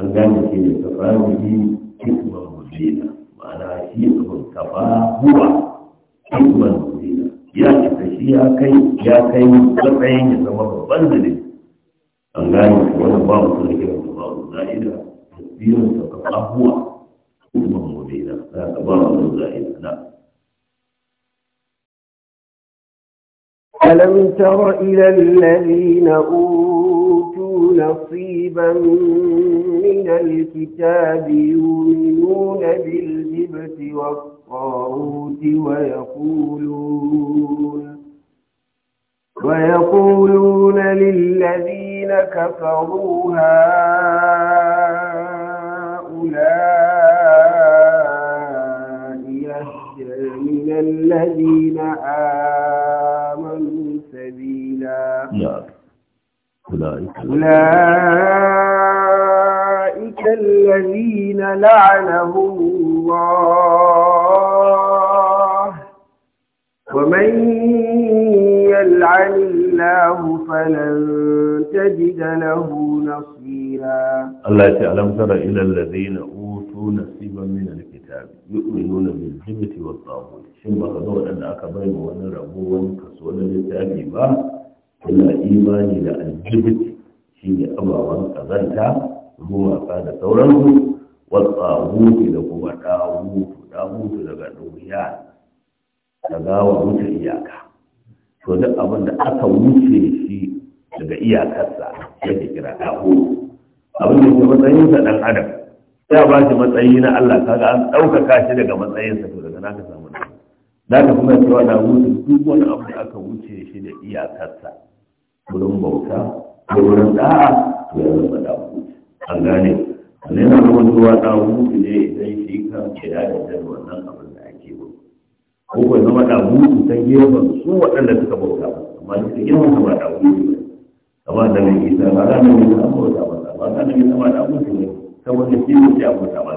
an gane shi ne tafarihi hikman mubina ma'ana shi abin kafa huwa hikman mubina ya cika shi ya kai ya kai matsayin ya zama babban zalimi an gane shi wannan ba mutum da kiran su ba za'ida tasbirin sa kafa huwa hikman mubina za ka ba mutum za'ida na ألم تر إلى الذين أوتوا نصيبا من الكتاب يؤمنون بالجبت والطاغوت ويقولون ويقولون للذين كفروا هؤلاء يهدى من الذين آمنوا أولئك, أولئك الذين لعنهم الله ومن يلعن الله فلن تجد له نصيرا الله تعالى ترى إلى الذين أوتوا نصيبا من الكتاب يؤمنون بالجبت والطاغوت شبه ba أن أكبر من aka bai wa suna imani da aljibit shi ne ababen kazanta gumaka da sauransu watsa hutu da kuma ɗawutu ɗawutu daga ɗoriya ta gawa wuce iyaka to duk abin da aka wuce shi daga iyakarsa ya ke kira ɗawutu abin da ke matsayinsa ɗan adam ya ba shi matsayi na Allah kaga an ɗaukaka shi daga matsayinsa to daga na ka samu da ka kuma cewa da wuce duk wani abu da aka wuce shi da iyakarsa wurin bauta a wurin da'a to ya zama dawo an gane wani yana zama zuwa dawo ne idan shi kan kira da jan wannan abin da ake yi ko kuwa zama dawo ta gefen su waɗanda suka bauta ba. amma shi ta zama sama dawo ne ba da mai isa ba za mu yi zama bauta ba ba za mu yi sama dawo ne saboda shi ne shi a bauta ba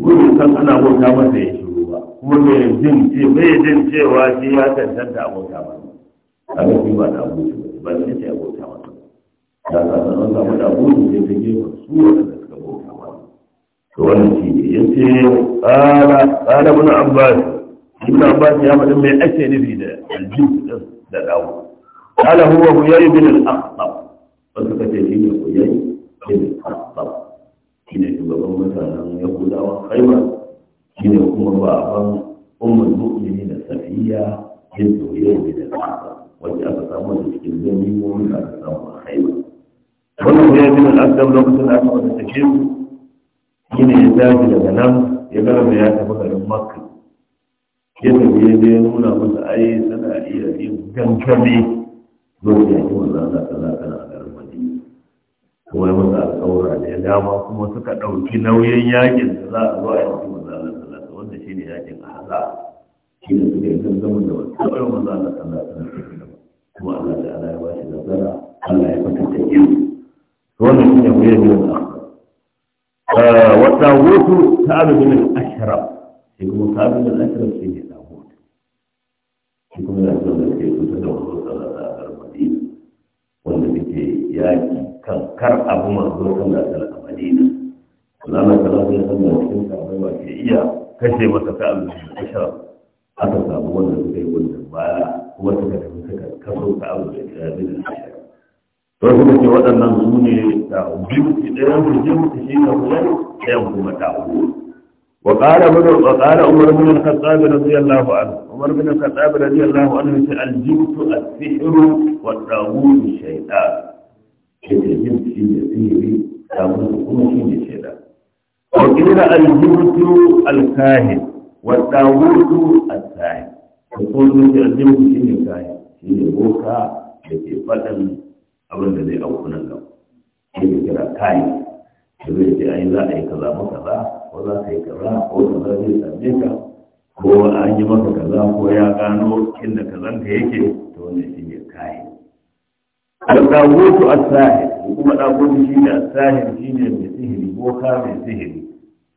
gudun san ana bauta masa ya shiru ba kuma bai jin ce bai jin cewa shi ya tantanta abota ba a ga shi ba da abota ba ba ita ce abota mata da ka sanar da mata abota sai ta gefa su wanda suka bauta mata to wannan shi ne ya ce tsara tsara muna abbas ibn abbas ya faɗi mai ake nufi da aljin da dawo قال هو هيي بن الأخطب فسكت شيء هيي بن الأخطب حين يبقى مثلا يقول خيبر حين يقوم بابا أم المؤمنين سفية بنت هيي بن الأخطب Wani aka samu da cikin gani ko wani aka samu a haiba wannan ya yi min lokacin da aka wata take su ya tashi daga nan ya garba ya tafi garin makka ya tafi ya je nuna masa ai tana iya yin gangami lokacin ya ki wanda ana tsala a garin madina kuma ya masa alƙawura da ya dama kuma suka ɗauki nauyin yakin da za a zo a yanki wanda ana tsala wanda shi ne yakin a haza shi ne suka yi gangamin da wasu ɗaukar wanda ana na kana kuma Allah da Allah ya bashi nasara Allah ya fitar ta shi wannan shi ne wuyan yin akhbar wa tawutu ta min al-ashraf shi kuma ta min al-ashraf shi ne tawut shi kuma da Allah ke kusa da wasu salata a Madina wanda take yaki kan kar abu masu manzo da a Madina Allah sallallahu alaihi wasallam cikin sahabbai ba ke iya kashe masa ta min al-ashraf aka samu wanda suka yi wannan baya kuma suka tafi suka kaso ta abu da kiramin ashar to suka ce waɗannan su ne da biyu ɗayan su jin su shi na kula ɗayan kuma ta uku wa qala ibn wa qala umar ibn al-khattab radiyallahu anhu umar ibn al-khattab radiyallahu anhu ce al-jibtu as-sihru wa tawun shaytan ce jin shi ne sihiri tawun kuma shi ne shaytan wa qila al-jibtu al-kahin والطاغوت الثاني يقول لك الجن شيء كاي شيء da ke فتن abin da zai auku nan gaba shi ne kira kai da zai ce ai za a yi kaza maka kaza, ko za ka yi kaza ko kaza zai same ka ko an yi maka kaza ko ya gano kin da kazan ka yake to wannan shi ne kai al-dawutu as-sahib kuma dawutu shi ne as-sahib shi ne mai sihiri ko mai sihiri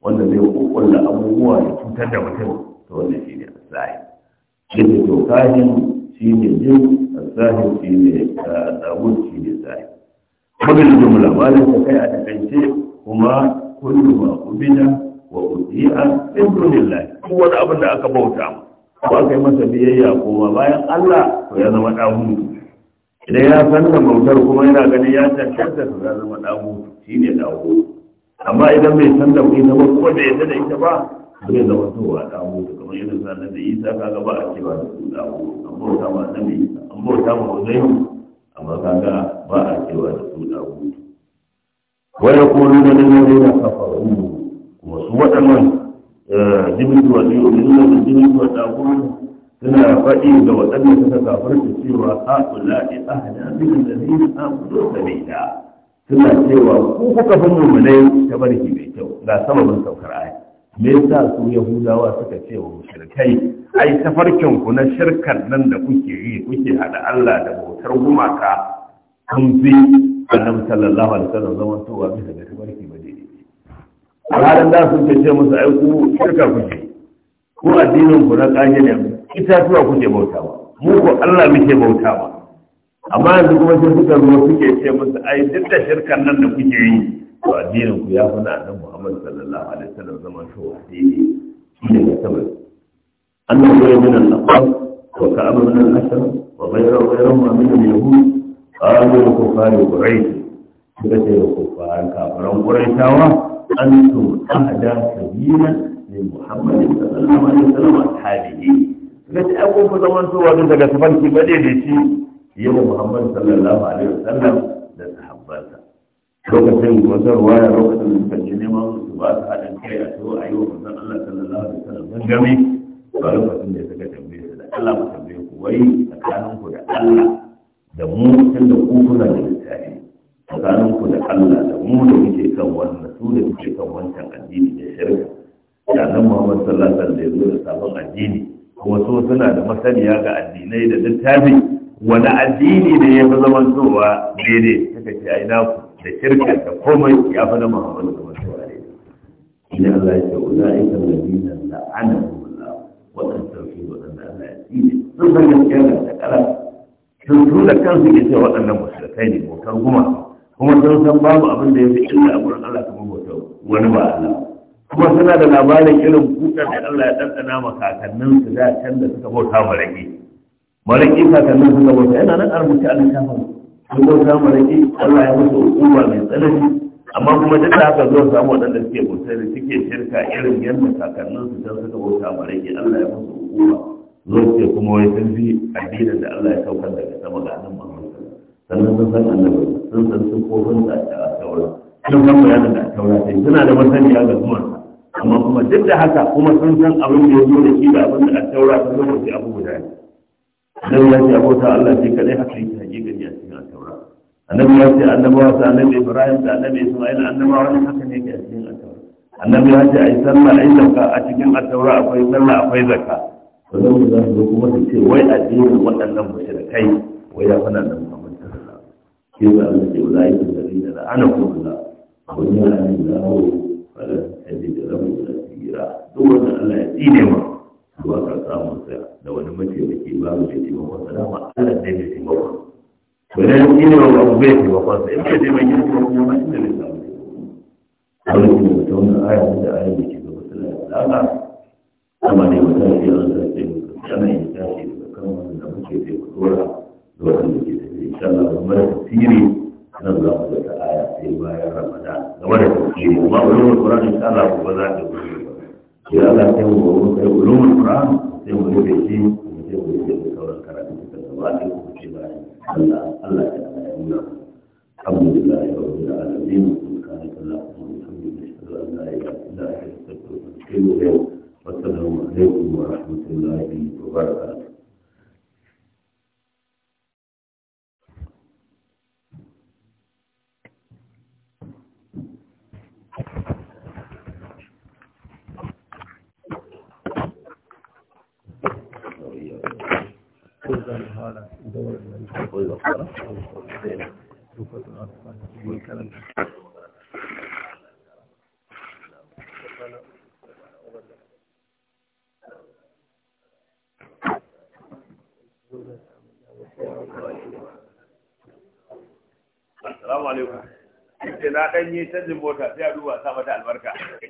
wanda zai kokulla abubuwa ya cutar da mutum to wannan shi ne asahi shi ne to shi ne jin asahi shi ne eh, damun shi ne sahi da jumla malin ta kai a takaice kuma kullu ma ubida wa udi'a min dunillahi ko wani abin da aka bauta mu ko aka yi masa biyayya kuma bayan Allah to ya zama dahu idan ya san da bautar kuma yana ganin ya cancanta to ya zama dahu shi ne dahu amma idan bai san da ita zama kuma bai yadda da ita ba zai zama towa a dawo da kamar irin zanen da isa kaga ba a cewa da su dawo an bauta ma mai isa an bauta ma yi amma kaga ba a cewa da su wani dawo wa yaquluna lil ladina kafaru kuma su waɗannan eh, jibitu wa yu'minuna da jibitu wa taqulu suna faɗi ga waɗannan suka kafarta cewa ha'ula'i na min alladhina da sabila suna cewa ku kuka fi mummunai ta barki mai kyau ga sama mun saukar aya me yasa su yahudawa suka ce wa mushrikai ai tafarkin ku na shirkar nan da kuke yi kuke hada Allah da bautar gumaka kun bi annabi sallallahu alaihi wasallam zaman towa bisa ga tafarki ba dai alhalin da su ce musu ai ku shirka kuke ku addinin ku na kaje ne itatuwa kuke bautawa mu ko Allah muke bautawa amma yanzu kuma sai suka zo suke ce musu ai duk da shirkan nan da kuke yi to addinin ku ya fi annabi Muhammad sallallahu alaihi wasallam zaman shi to addini shi ne ya sabar annabi ya yi nan aqab wa ka'aba min al-ashr wa ghayra ghayra ma min al-yahud qalu kufar quraish suka ce kufar kafaran quraishawa antum ahda sabila li Muhammad sallallahu alaihi wasallam ashabihi suka ce ai zaman to wa daga bade da shi yi da muhammad sallallahu alaihi wasallam da sahabbansa lokacin wata ruwaya lokacin da suka je neman su ba su haɗin kai a to a yi wa manzon allah sallallahu alaihi wasallam gami ba lokacin da suka tambaye su da allah mu tambaye ku wai tsakaninku da allah da mu tun da ku kuna da littafi tsakaninku da allah da mu da muke kan wannan su da muke kan wancan addini da shirka da nan muhammad sallallahu alaihi wasallam da ya zo da sabon addini kuma so suna da masaniya ga addinai da littafi wani addini ne ya fi zaman zuwa daidai suka ce ai naku da shirka da komai ya fi na muhammadu zaman zuwa daidai shi Allah ya ce na ladina la'anahumullah waɗanda sauki waɗanda Allah ya tsine sun san gaskiya da takara sun su da kansu ke cewa waɗannan mushrikai ne bautar guma kuma sun san babu abin da ya fi illa a gurin Allah kamar bautar wani ba Allah kuma suna da labarin irin kutar da Allah ya ɗanɗana ma kakanninsu da can da suka bauta ma rage waraki kakannin suka bauta yana nan an rubuta a littafin sun bauta maraki Allah ya musu hukuma mai tsanani amma kuma duk da haka zuwa samu waɗanda suke bauta da suke shirka irin yadda kakannin su can suka bauta maraki Allah ya musu hukuma zuwa suke kuma wai sun fi addinin da Allah ya saukar daga sama ga nan Muhammad sannan sun san annabi sun san sun kofin sa a taura sun san bayanin da taura sai suna da masaniya ga zuwan amma kuma duk da haka kuma sun san abin da ya zo da shi da abin da a taura sun zo da shi abu guda annabi ya ce abota Allah ce kadai haka yake hakikan ya cikin al-taura annabi ya ce annabawa sa annabi Ibrahim da annabi Isma'il annabawa ne haka ne yake cikin al-taura annabi ya ce ai sallah ai zakka a cikin al akwai sallah akwai zakka to dan mu za zo kuma su ce wai addinin waɗannan mushrikai wai ya fana da Muhammad sallallahu alaihi wasallam ke ba Allah ce ulai da zarina da ana kullu abun yana ne da hawo fara sai da rabu da tsira duk wanda Allah ya tsine mu zuwa ga samunsa da wani mataimaki babu mai taimakon sa dama Allah ne mai taimakon to ne ne wani bai taimakon sa in bai taimakon ya taimakon ya ma inda bai samu Allah ne wani aya da aya da ke gaba suna da alaƙa kama ne wata shi an sarfe mu kana yin tashi daga kan wannan da muke sai ku dora da waɗanda ke tafiya insha Allah kuma da tasiri nan za mu ga aya sai bayan Ramadan game da tasiri amma wani Qur'ani insha Allah za ta sai Allah sai mu gobe sai ulumul Qur'an sai mu rufe shi sai mu rufe sauran karatu da gaba da ku ce ba Allah Allah ya nuna alhamdulillah rabbil alamin kana kallahu alhamdulillah ashhadu an la ilaha illa anta astaghfiruka wa atubu ilayk wa assalamu alaikum wa rahmatullahi wa barakatuh Assalamu alaikum. Ita na ɗan yi canjin mota sai a duba sa mata albarka.